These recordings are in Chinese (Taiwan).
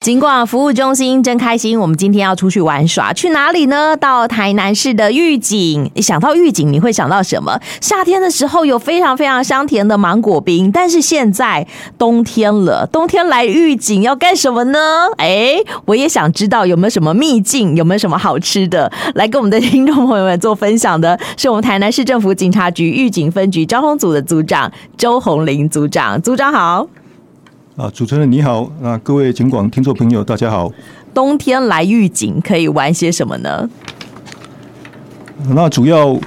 儘管警廣服務中心真開心，我們今天要出去玩耍，去哪裡呢？到台南市的玉井。想到玉井，你會想到什麼？夏天的時候有非常非常香甜的芒果冰，但是現在冬天了，冬天來玉井要幹什麼呢？哎、欸，我也想知道有沒有什麼秘境，有沒有什麼好吃的，來跟我們的聽眾朋友們做分享的，是我們台南市政府警察局玉井分局交通組的組長周宏霖組長。組長好。啊，主持人你好！那、啊、各位、警廣、聽眾朋友，大家好。冬天來玉井可以玩些什麼呢、啊？那主要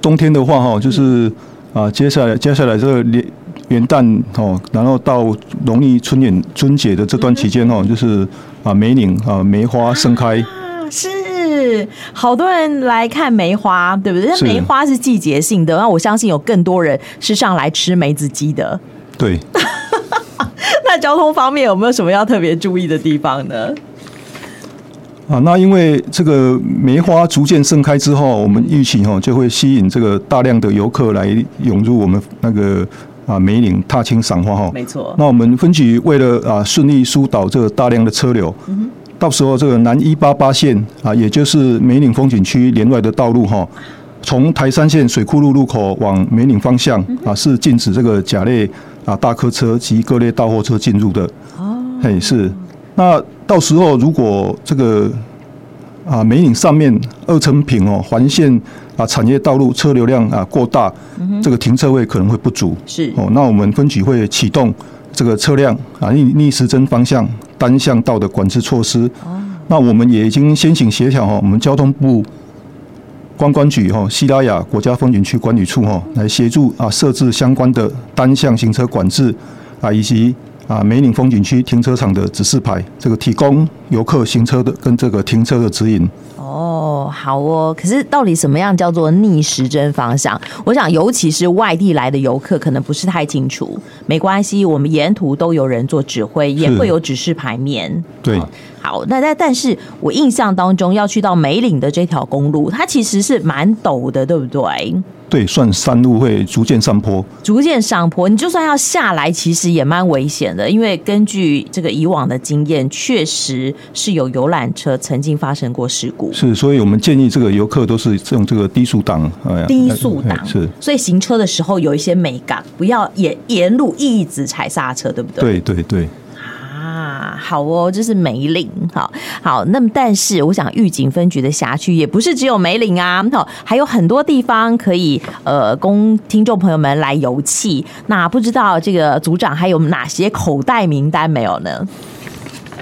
冬天的話，哈，就是、嗯、啊，接下來接下來這個年元旦哦，然後到農曆春年春節的這段期間哈、嗯哦，就是啊，梅嶺啊，梅花盛開，啊、是好多人來看梅花，對不對？是梅花是季節性的，那我相信有更多人是上來吃梅子雞的。對。啊、那交通方面有沒有什麼要特別注意的地方呢？啊，那因為這個梅花逐漸盛開之後，我們預期哈、哦、就會吸引這個大量的遊客來湧入我們那個啊梅嶺踏青賞花哈、哦。沒錯。那我們分局為了啊順利疏導這個大量的車流，嗯、哼到時候這個南一八八線啊，也就是梅嶺風景區聯外的道路哈、啊，從台3線水庫路路口往梅嶺方向、嗯、哼啊是禁止這個甲類。啊，大客車及各類大貨車進入的哦，啊、嘿是。那到時候如果這個啊，梅嶺上面二層坪哦環線啊產業道路車流量啊過大，嗯、哼這個停車位可能會不足是哦。那我們分局會啟動這個車輛啊逆逆時針方向單向道的管制措施哦。啊、那我們也已經先行協調哈，我們交通部。觀光局吼，西拉雅國家風景區管理處吼，來協助啊設置相關的單向行車管制啊，以及啊梅嶺風景區停車場的指示牌，這個提供遊客行車的跟這個停車的指引。哦，好哦。可是到底什麼樣叫做逆時針方向？我想，尤其是外地來的遊客，可能不是太清楚。沒關係，我們沿途都有人做指揮，也會有指示牌面。對。好，那但但是我印象當中要去到梅嶺的這條公路，它其實是蠻陡的，對不對？對，算山路會逐漸上坡，逐漸上坡。你就算要下來，其實也蠻危險的，因為根據這個以往的經驗，確實是有遊覽車曾經發生過事故。是，所以我們建議這個遊客都是用這個低速檔，哎，低速檔，哎，是。所以行車的時候有一些美感，不要沿沿路一直踩剎車，對不對？對對對。對對好哦，這是梅嶺，好好。那麼，但是我想，玉井分局的轄區也不是只有梅嶺啊，還有很多地方可以呃，供聽眾朋友們來遊憩。那不知道這個組長還有哪些口袋名單沒有呢？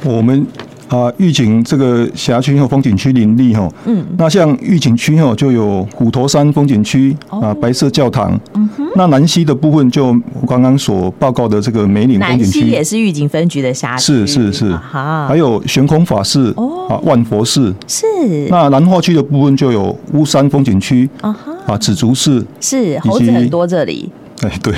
我們。啊，玉井這個轄區和風景區林立哈。嗯。那像玉井區哦，就有虎頭山風景區啊，白色教堂。嗯哼。那楠西的部分，就我剛剛所報告的這個梅嶺風景區。楠西也是玉井分局的轄區。是是是。好。還有玄空法寺。哦。啊，萬佛寺。是。那南化區的部分就有烏山風景區。啊哈。啊，紫竹寺。是。猴子很多這裡。哎，對。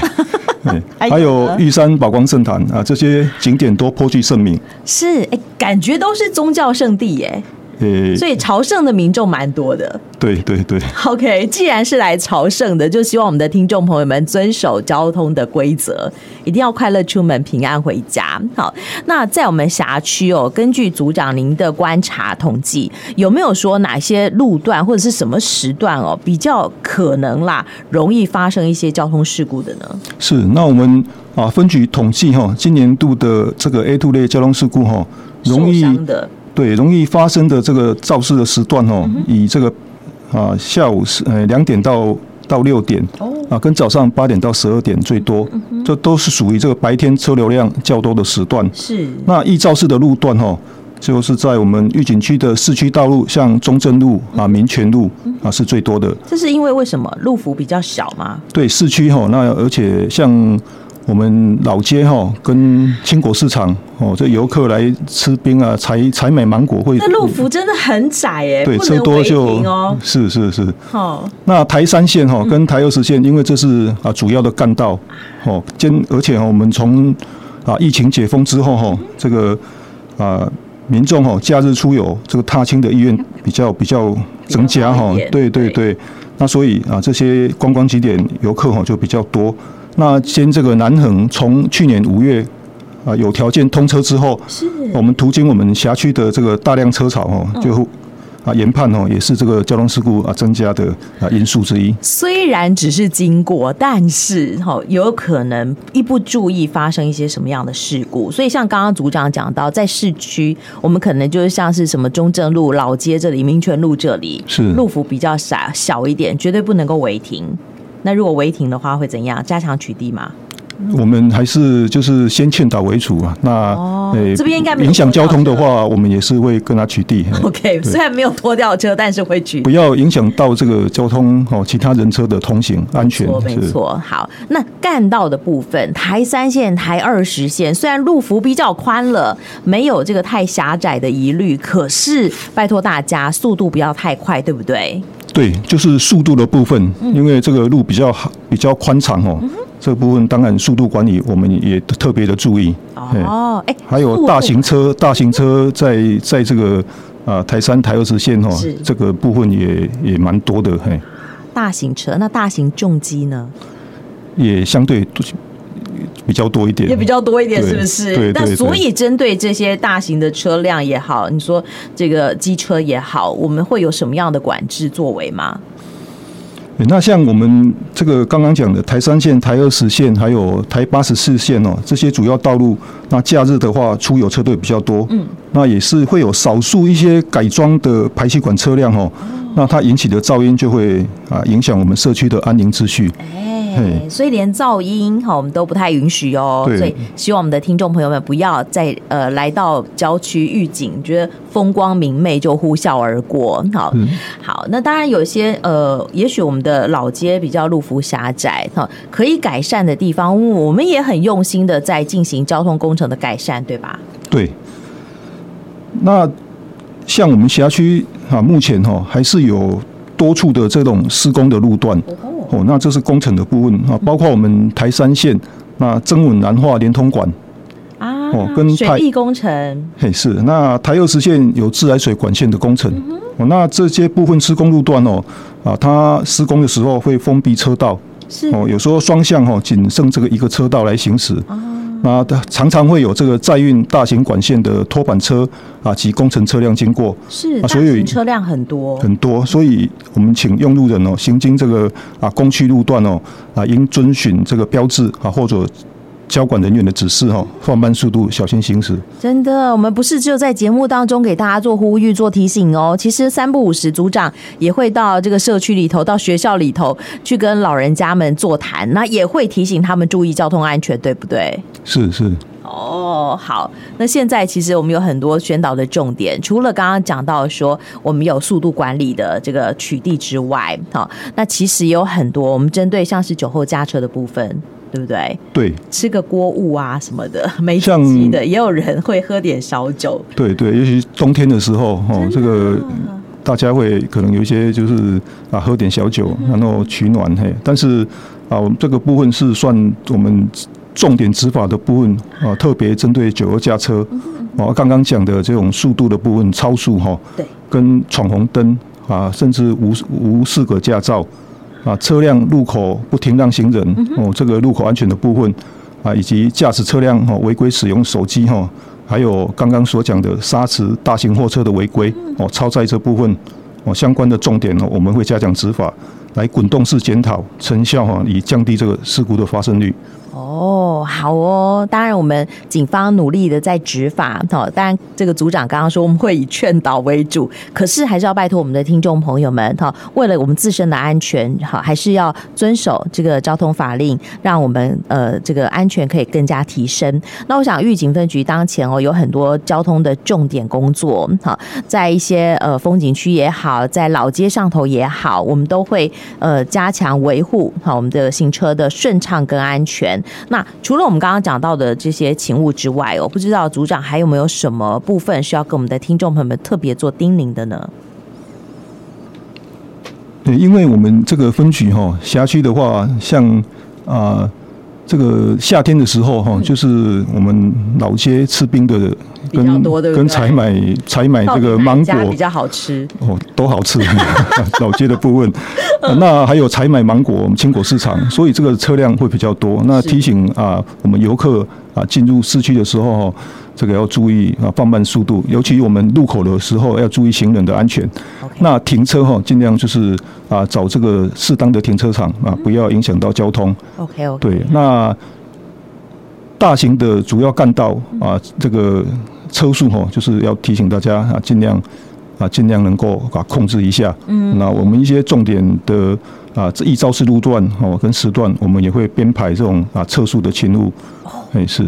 還有玉山寶光聖堂啊，這些景點都頗具盛名。是、欸，感覺都是宗教聖地，哎。Hey, 所以朝聖的民眾蠻多的。對對對，OK，既然是來朝聖的，就希望我們的聽眾朋友們遵守交通的規則，一定要快樂出門，平安回家。好，那在我們轄區哦，根據組長您的觀察統計，有沒有說哪些路段或者是什麼時段哦，比較可能啦，容易發生一些交通事故的呢？是，那我們啊，分局統計哈，今年度的這個 A2 類交通事故哈，容易的。對，容易發生的這個肇事的時段哦，嗯、哼以這個啊下午是呃兩點到到六點，哦、啊跟早上八點到十二點最多，這、嗯、哼都是屬於這個白天車流量較多的時段。是。那易肇事的路段哈、哦，就是在我們玉井區的市區道路，像中正路啊、民權路啊是最多的、嗯。這是因為為什麼路幅比較小嗎？對，市區哈、哦，那而且像。我們老街哈跟青果市場哦，這遊客來吃冰啊、採採買芒果會。那路幅真的很窄哎，對喔、車多就。是是是。哦。好那台三線哈跟台二十線，嗯、因為這是啊主要的幹道哦，兼而且哦，我們從啊疫情解封之後哈，嗯、這個啊民眾哦假日出遊這個踏青的意願比較比較增加哈，對對對。對那所以啊，這些觀光景點遊客哦就比較多。那先這個南橫從去年五月啊有條件通車之後，我們途經我們轄區的這個大量車潮哦，最後啊研判哦、啊、也是這個交通事故啊增加的啊因素之一。雖然只是經過，但是、哦、有可能一不注意發生一些什麼樣的事故。所以像剛剛組長講到，在市區我們可能就是像是什麼中正路、老街這裡、民權路這裡，是路幅比較小一點，絕對不能夠違停。那如果違停的話會怎樣？加強取締嗎？我們還是就是先勸導為主啊。那哦，這邊應該影響交通的話，我們也是會跟他取締。OK，對雖然沒有拖吊車，但是會取。不要影響到這個交通哦，其他人車的通行安全。沒錯錯是，好。那幹道的部分，台三線、台二十線雖然路幅比較寬了，沒有這個太狹窄的疑慮，可是拜托大家速度不要太快，對不對？對，就是速度的部分，因為這個路比較好，比較寬敞哦。嗯、哼這部分當然速度管理，我們也特別的注意。哦，哎、嗯，還有大型車，哦、大型車在、哦、在這個啊、呃、台山台二十線哦，是這個部分也也蠻多的嘿。嗯、大型車那大型重機呢？也相對。比較多一點，也比較多一點，是不是？那所以針對這些大型的車輛也好，你說這個機車也好，我們會有什麼樣的管制作為嗎？欸，那像我們這個剛剛講的台三線、台二十線，還有台八十四線哦，這些主要道路，那假日的話，出遊車隊比較多，嗯。那也是會有少數一些改裝的排氣管車輛哦，那它引起的噪音就會啊影響我們社區的安寧秩序。哎，所以連噪音哈我們都不太允許哦。對所以希望我們的聽眾朋友們不要再呃來到郊區預警，覺得風光明媚就呼嘯而過。好，嗯、好。那當然有些呃，也許我們的老街比較路幅狹窄哈、哦，可以改善的地方，我們也很用心的在進行交通工程的改善，對吧？對。那像我們轄區啊，目前哈、哦、還是有多處的這種施工的路段哦。那這是工程的部分啊，包括我們台三線那曾文南化聯通管、哦、啊，哦，跟水利工程。嘿是，是那台二十線有自來水管線的工程哦。那這些部分施工路段哦，啊，它施工的時候會封閉車道，是哦，有時候雙向哈、哦、僅剩這個一個車道來行駛、啊。啊，常常會有這個載運大型管線的拖板車啊及工程車輛經過，是啊，所以車輛很多很多，所以我們請用路人哦行經這個啊工區路段哦啊應遵循這個標誌啊或者。交管人員的指示，哈，放慢速度，小心行駛。真的，我們不是只有在節目當中給大家做呼籲、做提醒哦。其實三不五時組長也會到這個社區裡頭、到學校裡頭去跟老人家們座談，那也會提醒他們注意交通安全，對不對？是是。是哦，好。那現在其實我們有很多宣導的重點，除了剛剛講到說我們有速度管理的這個取締之外，好、哦，那其實也有很多我們針對像是酒後駕車的部分。對不對？對，吃個鍋物啊什麼的，沒吃的也有人會喝點小酒。對對，尤其冬天的時候，哈、哦，啊、這個大家會可能有一些就是啊喝點小酒，然後取暖嘿。嗯、哼但是啊，我們這個部分是算我們重點執法的部分啊，特別針對酒後駕車、嗯、哼啊，剛剛講的這種速度的部分超速哈，哦、對跟闖紅燈啊，甚至無無適格駕照。啊，車輛路口不停讓行人哦，這個路口安全的部分啊，以及駕駛車輛哦違規使用手機哈、哦，還有剛剛所講的砂石大型貨車的違規哦超載這部分哦相關的重點呢、哦，我們會加強執法，來滾動式檢討成效哈、哦，以降低這個事故的發生率。哦，好哦，當然我們警方努力的在執法，哦，當然這個組長剛剛說我們會以勸導為主，可是還是要拜托我們的聽眾朋友們，哈、哦，為了我們自身的安全，哈、哦，還是要遵守這個交通法令，讓我們呃這個安全可以更加提升。那我想，玉井分局當前哦有很多交通的重點工作，哈、哦，在一些呃風景區也好，在老街上頭也好，我們都會呃加強維護，好、哦，我們的行車的順暢跟安全。那除了我們剛剛講到的這些勤務，之外我不知道組長還有沒有什麼部分需要跟我們的聽眾朋友們特別做叮嚀的呢？對，因為我們這個分局哈，轄區的話，像啊。呃這個夏天的時候，哈，就是我們老街吃冰的，嗯、跟比較多，對不對，跟採買採買這個芒果，比較好吃哦，都好吃。 老街的部分、 啊，那還有採買芒果，我們青果市場，所以這個車輛會比較多。是那提醒啊，我們遊客啊，進入市區的時候。啊這個要注意啊，放慢速度，尤其我們路口的時候要注意行人的安全。Okay. 那停車哈，盡量就是啊，找這個適當的停車場、嗯、啊，不要影響到交通。OK, okay. 對，那大型的主要幹道啊，嗯、這個車速哈、啊，就是要提醒大家啊，盡量啊，盡量能夠啊控制一下。嗯。那我們一些重點的啊，這易肇事路段哦、啊，跟時段，我們也會編排這種啊，測速的勤務。哎、oh. 是。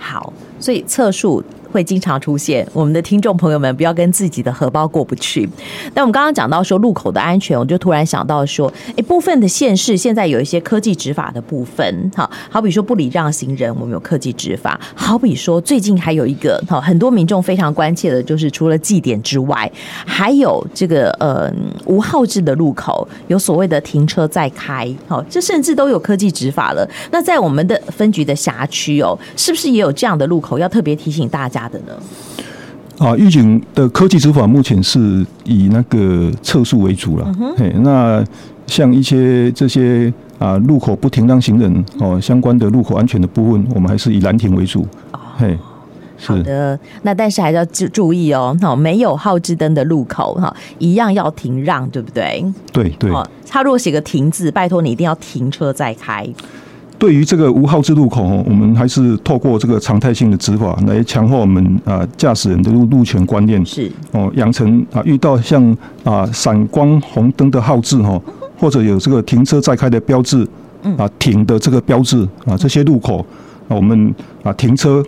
好。所以測速，會經常出現，我們的聽眾朋友們不要跟自己的荷包過不去。那我們剛剛講到說路口的安全，我就突然想到說一部分的縣市現在有一些科技執法的部分，哈，好比說不禮讓行人，我們有科技執法；好比說最近還有一個哈，很多民眾非常關切的就是除了計點之外，還有這個嗯、呃、無號誌的路口，有所謂的停車再開，哈，這甚至都有科技執法了。那在我們的分局的轄區哦，是不是也有這樣的路口？要特別提醒大家。的呢？啊，玉井的科技執法目前是以那個測速為主了、嗯哼。那像一些這些啊路口不停讓行人哦相關的路口安全的部分，我們還是以攔停為主。哎、哦，是的，那但是還是要注意哦。那、哦、沒有號志燈的路口哈、哦，一樣要停讓，對不對？對對、哦。他如果寫個停字，拜託你一定要停車再開。對於這個無號誌路口，我們還是透過這個常態性的執法來強化我們啊駕駛人的路路權觀念。是。哦，養成啊遇到像啊閃光紅燈的號誌哈，或者有這個停車再開的標誌，啊停的這個標誌啊這些路口，我們啊停車。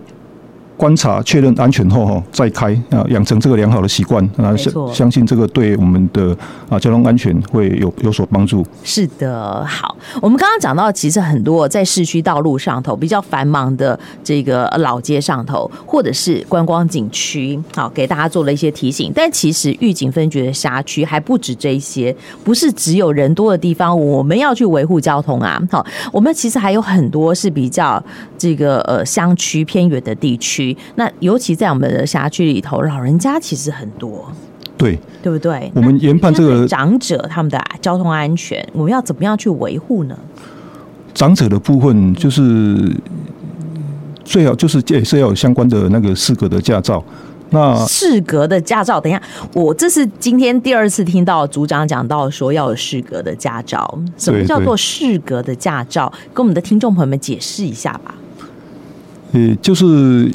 觀察確認安全後，再開啊，養成這個良好的習慣啊，相相信這個對我們的啊交通安全會有有所幫助。是的，好，我們剛剛講到，其實很多在市區道路上頭比較繁忙的這個老街上頭，或者是觀光景區，好，給大家做了一些提醒。但其實玉井分局的轄區還不止這些，不是只有人多的地方，我們要去維護交通啊。好，我們其實還有很多是比較這個呃鄉區偏遠的地區。那尤其在我們的轄區裡頭，老人家其實很多，對，對不對？我們研判這個長者他們的交通安全，我們要怎麼樣去維護呢？長者的部分就是最好就是也是要有相關的那個適格的駕照。那適格的駕照，等一下，我這是今天第二次聽到組長講到說要有適格的駕照。什麼叫做適格的駕照？跟我們的聽眾朋友們解釋一下吧。嗯、欸，就是。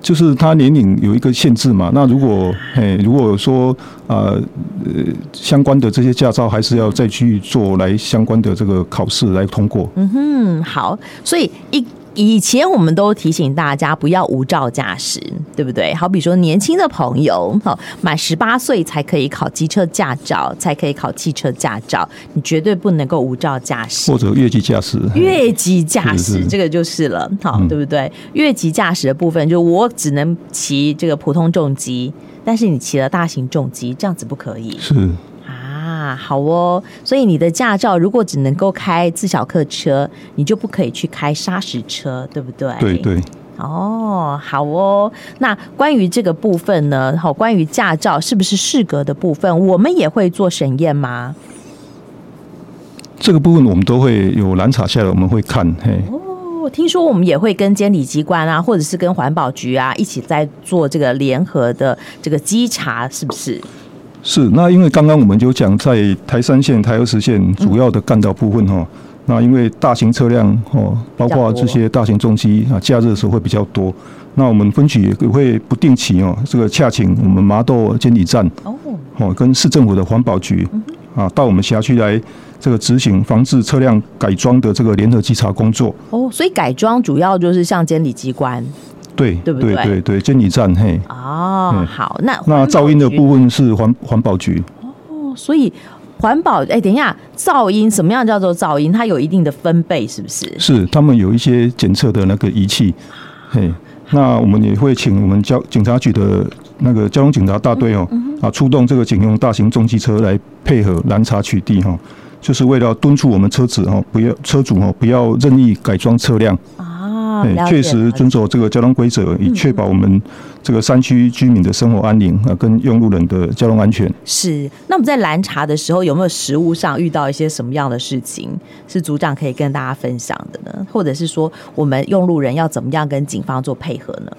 就是他年齡有一個限制嘛，那如果哎，如果說呃，呃，相關的這些駕照還是要再去做來相關的這個考試來通過。嗯哼，好，所以一。以前我們都提醒大家不要無照駕駛，對不對？好比說年輕的朋友，好，滿十八歲才可以考機車駕照，才可以考汽車駕照，你絕對不能夠無照駕駛，或者越級駕駛。越級駕駛，嗯、這個就是了，好是，對不對？越級駕駛的部分，就我只能騎這個普通重機，但是你騎了大型重機，這樣子不可以。是。啊，好哦，所以你的駕照如果只能夠開自小客車，你就不可以去開砂石車，對不對？對對。對哦，好哦。那關於這個部分呢？好，哦，關於駕照是不是適格的部分，我們也會做審驗嗎？這個部分我們都會有攔查下來，我們會看。嘿，哦，聽說我們也會跟監理機關啊，或者是跟環保局啊，一起在做這個聯合的這個稽查，是不是？是，那因為剛剛我們就講在台三線、台二十線主要的幹道部分哈、嗯喔，那因為大型車輛哦、喔，包括這些大型重機啊，假日的時候會比較多，那我們分局也會不定期哦、喔，這個洽請我們麻豆監理站哦、嗯喔，跟市政府的環保局、嗯、哼啊，到我們轄區來這個執行防制車輛改裝的這個聯合稽查工作哦，所以改裝主要就是向監理機關。對，對對對對，監理站嘿。哦，好，那那噪音的部分是環環保局。哦，所以環保，哎，等一下，噪音什麼樣叫做噪音？它有一定的分貝，是不是？是，他們有一些檢測的那個儀器，哦、嘿，好那我們也會請我們交警察局的那個交通警察大隊哦，嗯嗯、啊，出動這個警用大型重機車來配合攔查取締哈、哦，就是為了敦促我們車子哦，不要，車主、哦、不要車主哦，不要任意改裝車輛。哦確、哦、對實遵守這個交通規則，嗯、以確保我們這個山區居民的生活安寧啊、呃，跟用路人的交通安全。是，那我們在攔查的時候，有沒有實務上遇到一些什麼樣的事情，是組長可以跟大家分享的呢？或者是說，我們用路人要怎麼樣跟警方做配合呢？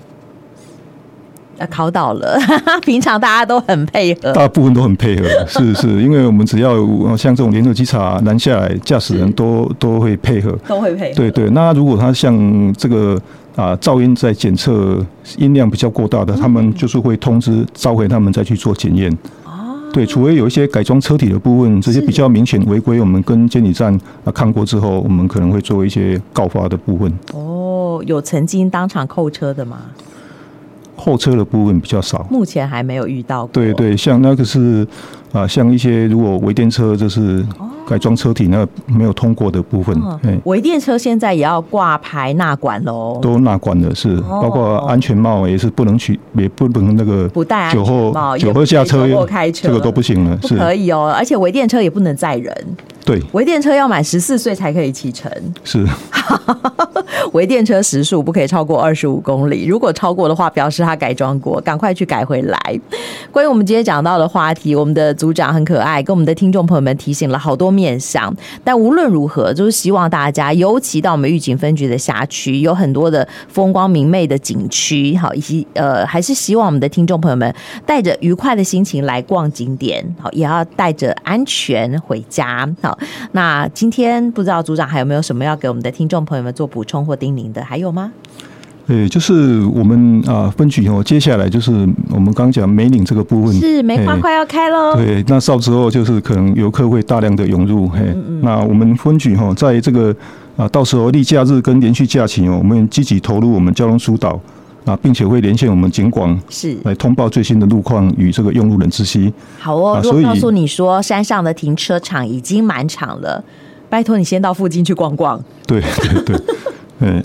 啊，考倒了！ 平常大家都很配合，大部分都很配合， 是是，因為我們只要像這種聯合稽查攔下來，駕駛人都是都會配合，都會配合。對對，那如果他像這個啊、呃、噪音在檢測音量比較過大的，嗯嗯嗯他們就是會通知召回他們再去做檢驗。哦，對，除非有一些改裝車體的部分，是這些比較明顯違規，我們跟監理站啊、呃、看過之後，我們可能會做一些告發的部分。哦，有曾經當場扣車的嗎？後車的部分比較少，目前還沒有遇到過。對對，像那個是啊，像一些如果微電車就是改裝車體，那沒有通過的部分。嗯，微電車現在也要掛牌納管嘍，都納管了是。包括安全帽也是不能取，也不能那個不戴安全帽，酒後酒後駕車這個都不行了，不可以哦。而且微電車也不能載人。對，微電車要滿十四歲才可以騎乘。是。微電車時速不可以超過二十五公里，如果超過的話，表示它改裝過，趕快去改回來。關於我們今天講到的話題，我們的組長很可愛，跟我們的聽眾朋友們提醒了好多面向。但無論如何，就是希望大家，尤其到我們玉井分局的轄區，有很多的風光明媚的景區，好，以及呃，還是希望我們的聽眾朋友們帶着愉快的心情來逛景點，好，也要帶着安全回家。好，那今天不知道組長還有沒有什麼要給我們的聽眾朋友們做補充？通火叮嚀的，還有嗎？哎、欸，就是我們啊分局後、哦、接下來就是我們剛講梅嶺這個部分是梅花快要開嘍、欸。對，那到時候就是可能遊客會大量的湧入。嘿、欸，嗯嗯那我們分局哈、哦，在這個啊到時候例假日跟連續假期哦，我們積極投入我們交通疏導啊，並且會連線我們警廣是來通報最新的路況與這個用路人知悉。是啊、好哦，如果所以告訴你說，山上的停車場已經滿場了，拜託你先到附近去逛逛。對對對。對對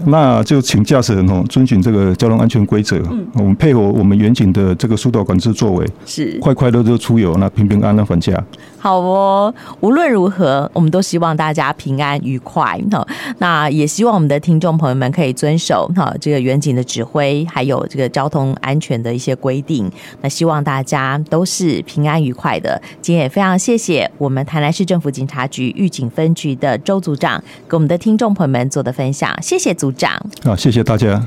那就請駕駛人哦，遵循這個交通安全規則。嗯，我們配合我們員警的這個疏導管制作為，是快快樂樂出遊，那平平安安返家。好哦，無論如何，我們都希望大家平安愉快哈。那也希望我們的聽眾朋友們可以遵守哈這個員警的指揮，還有這個交通安全的一些規定。那希望大家都是平安愉快的。今天也非常謝謝我們台南市政府警察局玉井分局的周組長給我們的聽眾朋友們做的分享，謝謝組長。好、啊，謝謝大家。